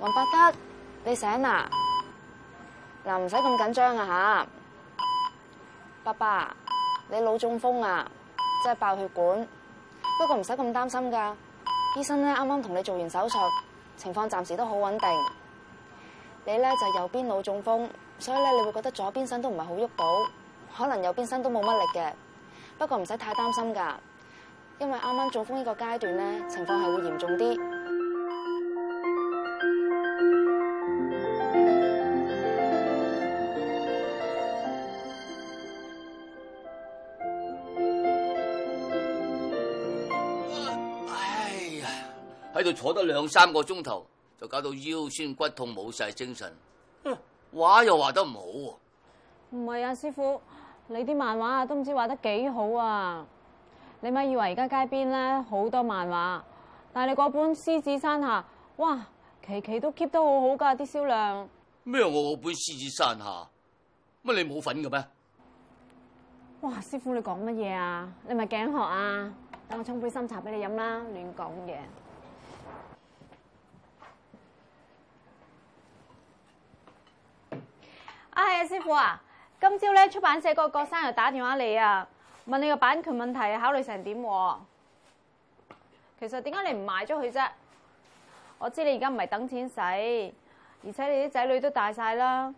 王百德，你醒啦？嗱，唔使咁緊張啊吓！爸爸，你腦中風啊，即係爆血管，不過唔使咁擔心噶。醫生咧啱啱同你做完手術，情況暫時都好穩定。你咧就右邊腦中風，所以咧你會覺得左邊身都唔係好喐到，可能右邊身都冇乜力嘅。不過唔使太擔心噶，因為啱啱中風呢個階段咧，情況係會嚴重啲。喺度坐得兩三個鐘頭，就搞到腰酸骨痛，冇晒精神。畫又畫得唔好喎、啊。唔係啊，師傅，你啲漫畫啊都唔知畫得幾好啊。你咪以為而家街邊咧好多漫畫，但係你嗰本《獅子山下》哇，期期都 keep 得好好噶啲銷量。咩？我嗰本《獅子山下》乜你冇份嘅咩？哇！師傅你講乜嘢啊？你咪頸渴啊？等我沖杯參茶俾你飲啦！亂講嘢。阿、啊啊、師傅啊，今朝咧出版社個郭生又打電話嚟啊，問你個版權問題，考慮成點、啊？其實點解你唔賣咗佢啫？我知你而家唔係等錢使，而且你啲仔女都大晒啦。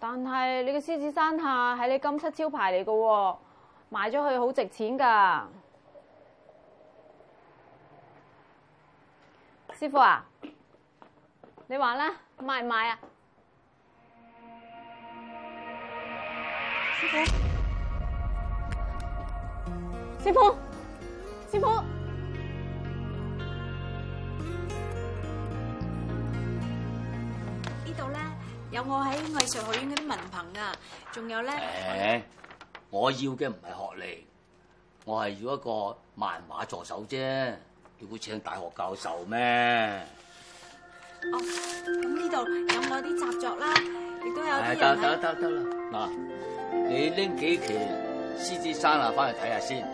但係你個獅子山下喺你金漆招牌嚟噶、啊，賣咗佢好值錢噶。師傅啊，你話啦，賣唔賣啊？師傅，師傅，師傅，呢度咧有我喺藝術學院嗰啲文憑啊，仲有咧，我要嘅唔係學歷，我係要一個漫畫助手啫。要會請大學教授咩？哦，咁呢度有我啲習作啦，亦都有得得得得啦，嗱， 你拎幾期《獅子山下》啊，翻嚟睇下先。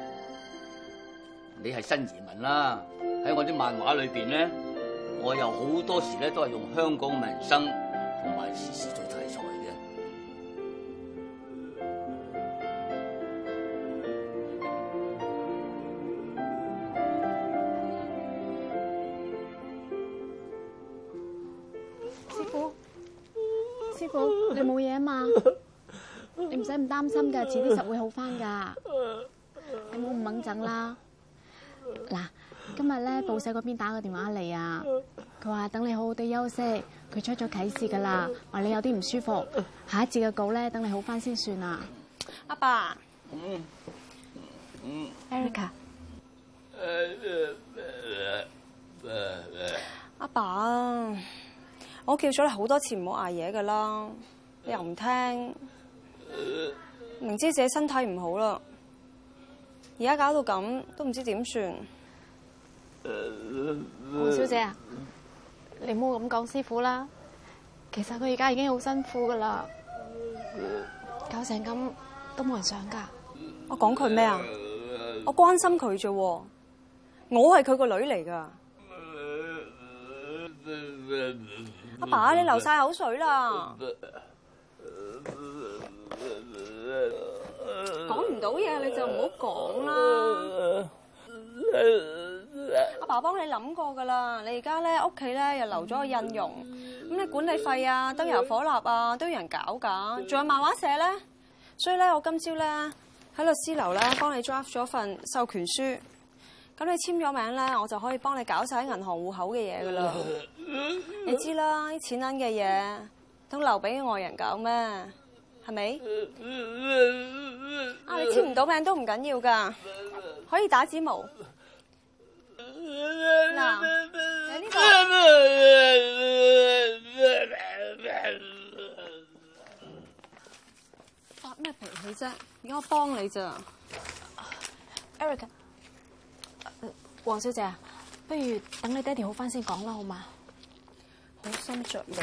你係新移民啦，喺我啲漫畫裏邊咧，我有好多時咧都係用香港嘅民生同埋時事做題材。擔心噶，遲啲實會好翻噶，你冇唔穩陣啦。嗱，今日咧報社嗰邊打個電話嚟啊，佢話等你好好地休息，佢出咗啟示噶啦，話你有啲唔舒服，下一次嘅稿咧等你好翻先算啦。阿爸，嗯，Erica，阿爸，我叫咗你好多次唔好嗌嘢噶啦，你又唔聽。明知自己身體唔好啦，而家搞到咁都唔知點算。王小姐啊，你唔好咁講師傅啦。其實佢而家已經好辛苦噶啦，搞成咁都冇人想噶。我講佢咩啊？我關心佢啫，我係佢個女嚟噶。阿 爸，爸，你流晒口水啦！ 講唔到嘢，你就唔好講啦。阿爸幫你諗過噶啦，你而家咧屋企咧又留咗個印傭，咁你管理費啊、燈油火蠟啊都要人搞噶，仲有漫畫社咧。所以咧，我今朝咧喺律師樓咧幫你 draft 咗份授權書，咁你簽咗名咧，我就可以幫你搞晒喺銀行戶口嘅嘢噶啦。你知啦，啲錢銀嘅嘢都留俾外人搞咩？係咪？是是啊，你簽唔到名都唔緊要噶，可以打指模。嗱，誒呢個。發咩、啊、脾氣啫？幫而家我幫你咋？Erica，黃小姐，不如等你爹哋好返先講啦，好嘛？好心着迷。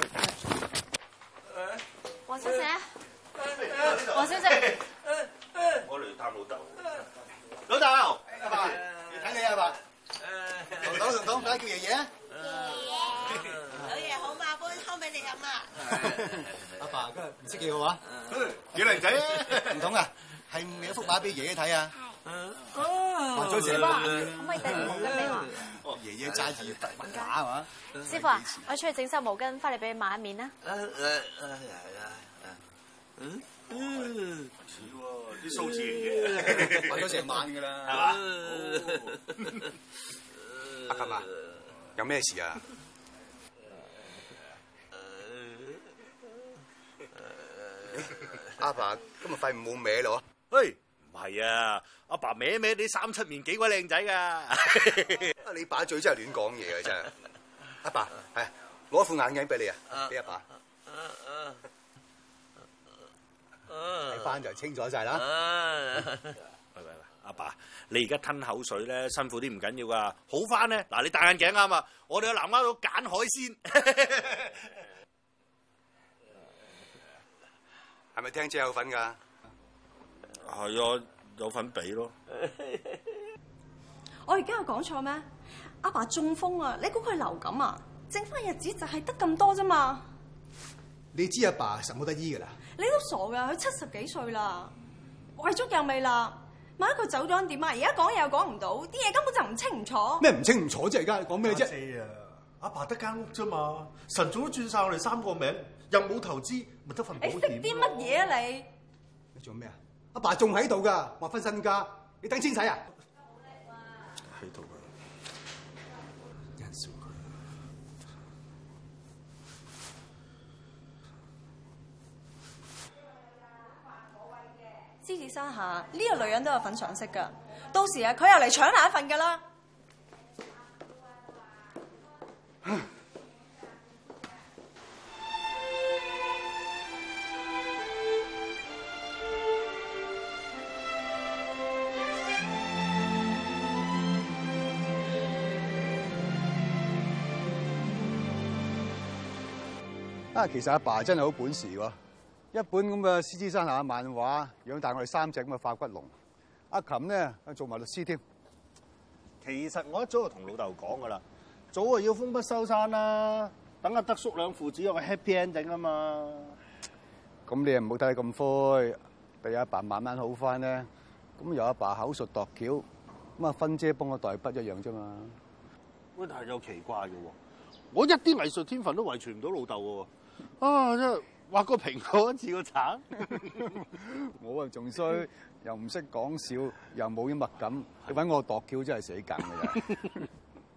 黃小姐。黃小姐，我嚟探老豆。老豆，阿爸，你睇你阿爸。同黨同黨，點解叫爺爺？爺爺，老爺好嘛？杯湯俾你飲啊！阿爸今日唔識叫好啊？幾靚仔啊！唔同啊，係咪一幅畫俾爺爺睇啊？哦，黃小姐，可唔可以遞毛巾俾我？爺爺介意遞毛巾啊嘛？師傅啊，我出去整濕毛巾，翻嚟俾你抹一面啊！誒誒誒，係啊！嗯，啲數字咗成萬噶啦，係嘛？阿琴啊，有咩事啊？阿爸今日肺唔好歪咯，喂，唔係啊，阿爸歪歪啲三七面幾鬼靚仔噶，你把嘴真係亂講嘢啊真係，阿爸係攞副眼鏡俾你啊，俾阿爸。睇翻就清楚晒啦。喂喂喂，阿爸，你而家吞口水咧，辛苦啲唔緊要噶，好翻咧。嗱，你戴眼鏡啊嘛，我哋去南丫度揀海鮮，係 咪聽朝有份噶？係啊，有，有份俾咯。 我而家有講錯咩？阿爸中風啊，你估佢流感啊？剩翻日子就係得咁多啫嘛。你知阿爸什冇得醫噶啦？你都傻噶，佢七十幾歲啦，遺囑又未立，萬一佢走咗點啊？而家講嘢又講唔到，啲嘢根本就唔清唔楚。咩唔清唔楚啫？姐姐爸爸而家你講咩啫？阿爸得間屋咋嘛？晨早都轉晒我哋三個名，又冇投資，咪得份保險。你識啲乜嘢啊？你你做咩啊？阿爸仲喺度噶，話分身家，你等清洗啊。獅子山下呢，這個女人都有份上色噶，到時啊，佢又嚟搶下一份噶啦。啊，其實阿爸，爸真係好本事喎。一本咁嘅《獅子山下》漫畫，養大我哋三隻咁嘅化骨龍。阿琴咧做埋律師添。其實我一早就同老豆講噶啦，早啊要封筆收山啦，等阿德叔兩父子有個 happy ending 啊嘛。咁、嗯、你又唔好睇咁灰，俾阿爸，爸慢慢好翻咧。咁由阿爸，爸口述度橋，咁啊芬姐幫我代筆一樣啫嘛。但係有奇怪嘅喎，我一啲藝術天分都遺傳唔到老豆喎。啊真～畫個蘋果似個橙，我啊仲衰，又唔識講笑，又冇啲物感， 你揾我度橋，真係死梗㗎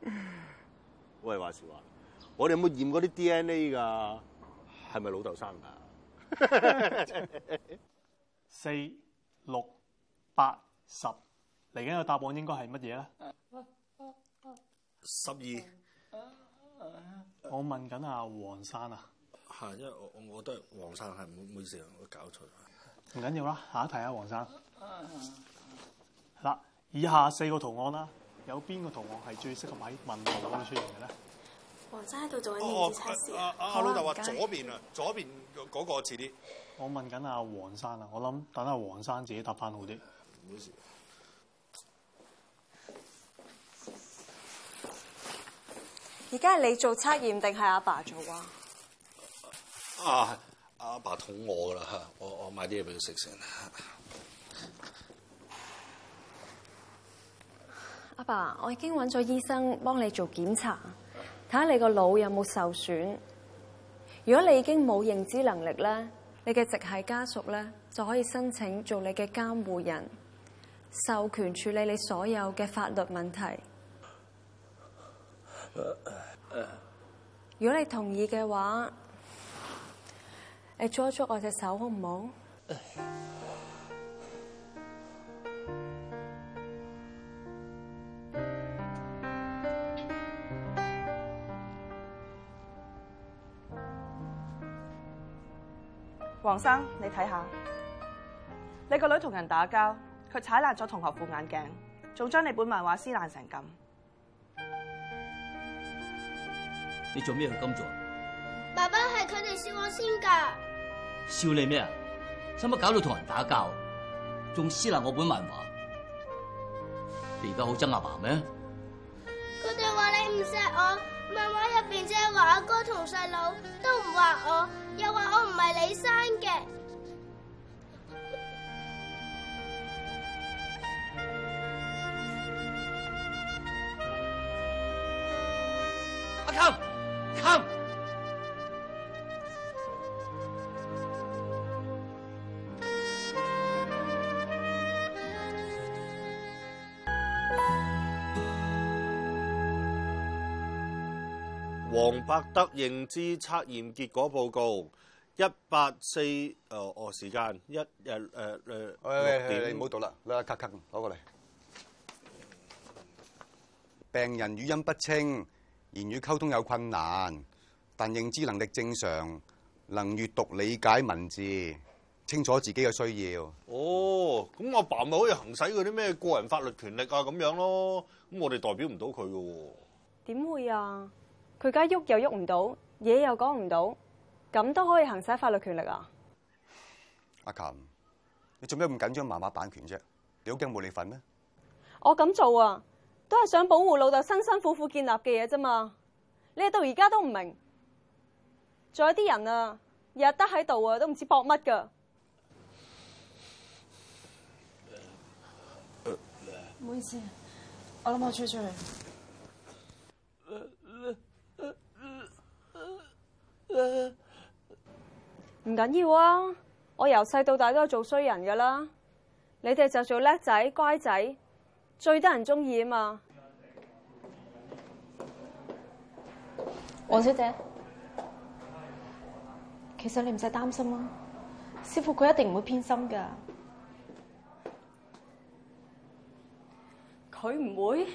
喇！ 喂，話時話，我哋有冇驗過啲 DNA 㗎？係咪老豆生㗎？ 四六八十，嚟緊個答案應該係乜嘢咧？十二。我問緊阿王生啊！因為我我覺得黃生係唔每時都會搞錯。唔緊要啦，下一題啊，黃生。嗱、嗯嗯嗯，以下四個圖案啦，有邊個圖案係最適合喺問號嗰度出現嘅咧？黃生喺度做緊驗測試。阿老豆話左邊啊，左邊嗰、嗰個似啲。我問緊阿黃生啊，我諗等阿黃生自己答翻好啲。唔好意思。而家係你做測驗定係阿爸做啊？啊！阿爸肚餓啦，吓，我我買啲嘢俾佢食先啦。阿爸，我已經揾咗醫生幫你做檢查，睇下你個腦有冇受損。如果你已經冇認知能力咧，你嘅直系家屬咧就可以申請做你嘅監護人，授權處理你所有嘅法律問題。如果你同意嘅話。你捉一捉我隻手好唔好？王、哎、生，你睇下，你個女同人打交，佢踩爛咗同學副眼鏡，仲將你本漫畫撕爛成咁。你做咩要噉做？爸爸係佢哋笑我先㗎。笑你咩啊？使乜搞到同人打交，仲撕爛我本漫畫？你而家好憎阿爸咩？佢哋話你唔錫我，漫畫入邊只係話阿哥同細佬都唔話我，又話我唔係你生嘅。阿琴，啊。百德認知測驗結果報告，一八四，哦、呃、哦，時間一日，誒、呃、誒、呃，六點，你唔好，哎哎哎、讀啦，攞一卡卡，攞過嚟。病人語音不清，言語溝通有困難，但認知能力正常，能閱讀理解文字，清楚自己嘅需要。哦，咁阿爸咪可以行使嗰啲咩個人法律權力啊咁樣咯，咁我哋代表唔到佢嘅。點會啊？佢家喐又喐唔到，嘢又講唔到，咁都可以行使法律權力啊？阿琴，你做咩咁緊張？漫畫版權啫，你好驚冇你份咩？我咁做啊，都係想保護老豆辛辛苦苦建立嘅嘢啫嘛！你到而家都唔明，仲有啲人啊，日日得喺度啊，都唔知搏乜噶！唔好意思，我諗我出去。 唔緊要啊！我由細到大都係做衰人噶啦，你哋就做叻仔乖仔，最得人中意啊嘛。黃小姐，其實你唔使擔心啊，師傅佢一定唔會偏心噶。佢唔會？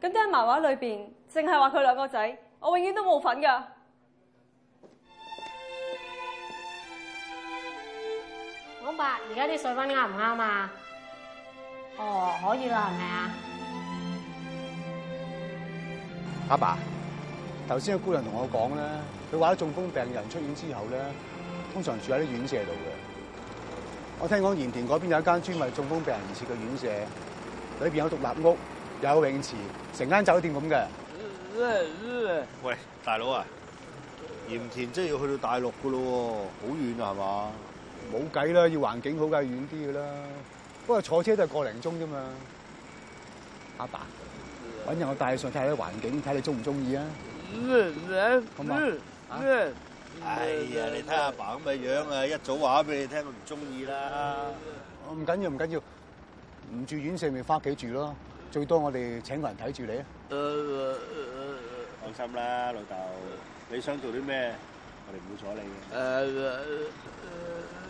咁都喺漫畫裏邊，淨係話佢兩個仔，我永遠都冇份噶。而家啲水溫啱唔啱啊？哦，可以啦，係咪啊？阿爸，頭先個姑娘同我講咧，佢話啲中風病人出院之後咧，通常住喺啲院舍度嘅。我聽講鹽田嗰邊有一間專為中風病人而設嘅院舍，裏邊有獨立屋、有泳池，成間酒店咁嘅。喂，大佬啊，鹽田真係要去到大陸噶咯，好遠啊，係嘛？冇計啦，要環境好梗係遠啲嘅啦。不過坐車都係個零鐘啫嘛。阿爸，揾人我帶你上睇下啲環境，睇你中唔中意啊？唔想 嗎，唔想，唔想。哎呀，你睇阿爸咁嘅樣啊，一早話咗俾你聽，我唔中意啦。我唔緊要，唔緊要，唔住院舍咪翻屋企住咯。最多我哋請個人睇住你。啊。 放心啦，老豆，你想做啲咩，我哋唔會阻你嘅。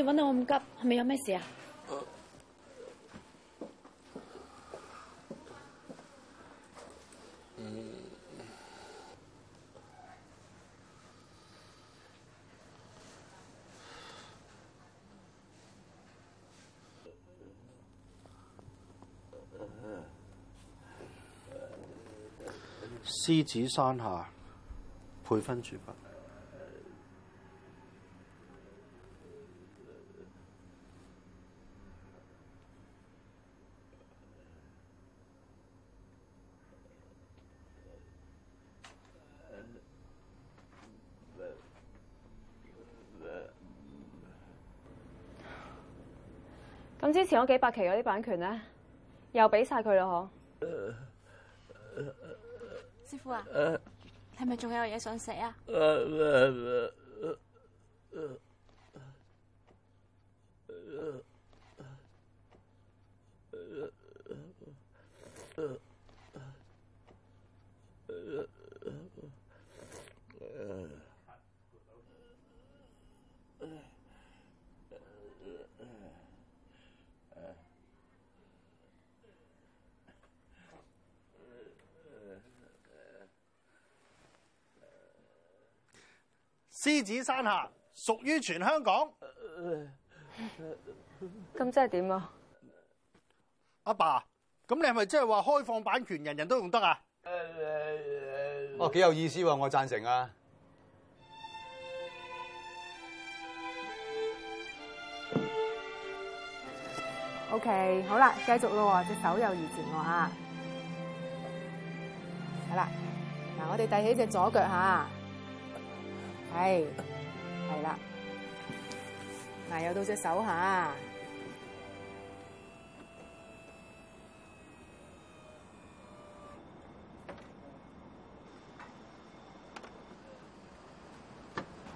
你揾到我咁急，係咪有咩事啊？嗯、 獅子山下培訓處。前嗰幾百期嗰啲版權咧，又俾晒佢咯。嗬。師傅啊，係咪仲有嘢想寫啊？ 獅子山下屬於全香港，咁 即係點啊？阿爸，爸，咁你係咪即係話開放版權，人人都用得啊？哦，幾有意思喎！我贊成啊。OK，好啦，繼續咯，隻手又移前喎啊，好啦，嗱，我哋提起隻左腳吓。係，係啦，嗱有到隻手下、啊、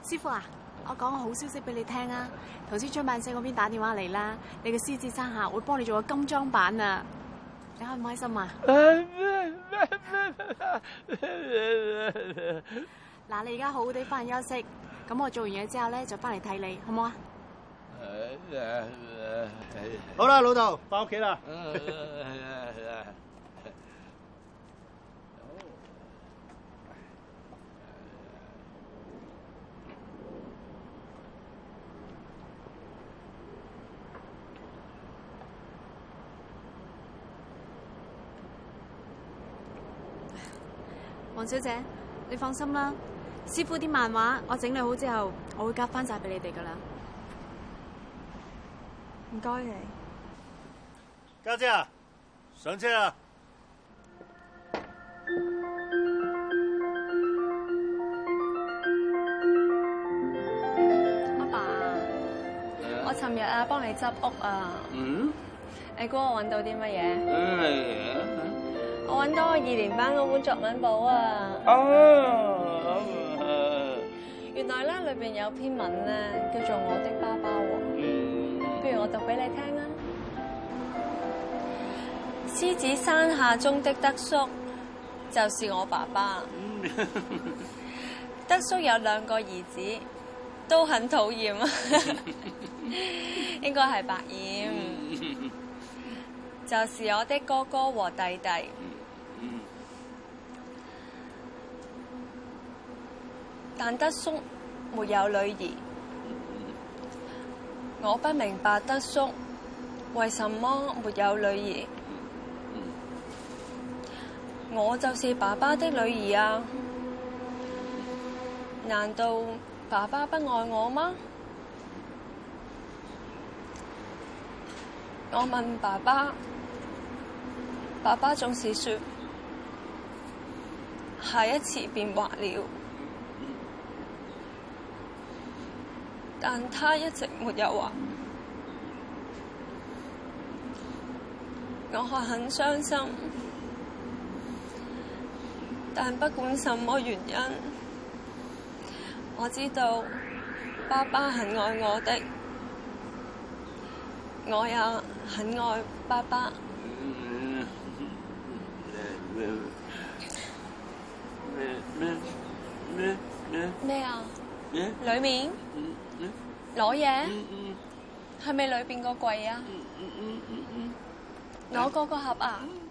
師傅啊，我講個好消息俾你聽啊，頭先出版社嗰邊打電話嚟啦，你嘅獅子山下會幫你做個金裝版啊，你開唔開心啊？ 嗱，你而家好好哋翻去休息，咁我做完嘢之後咧就翻嚟睇你，好唔好啊？好啦，老豆，翻屋企啦。黃小姐，你放心啦。師傅啲漫畫我整理好之後，我會夾翻晒俾你哋噶啦。唔該你。家姐啊，上車啊。阿爸，爸，我尋日啊幫你執屋啊。嗯嗯。嗯？你估我搵到啲乜嘢？我搵到我二年班嗰本作文簿啊。哦。有篇文咧叫做《我的爸爸》， 不如我就讀俾你聽啦。獅 子山下中的德叔就是我爸爸。 德叔有兩個兒子，都很討厭， 應該係白眼。 就是我的哥哥和弟弟， 但德叔。沒有女兒，我不明白德叔為什麼沒有女兒。我就是爸爸的女兒啊！難道爸爸不愛我嗎？我問爸爸，爸爸總是説：下一次便畫了。但他一直沒有話，我很傷心。但不管什麼原因，我知道爸爸很愛我的，我也很愛爸爸。咩啊？裏 面？ 攞嘢？係咪裏面個櫃啊？攞嗰、嗯嗯嗯嗯嗯、個盒啊？嗯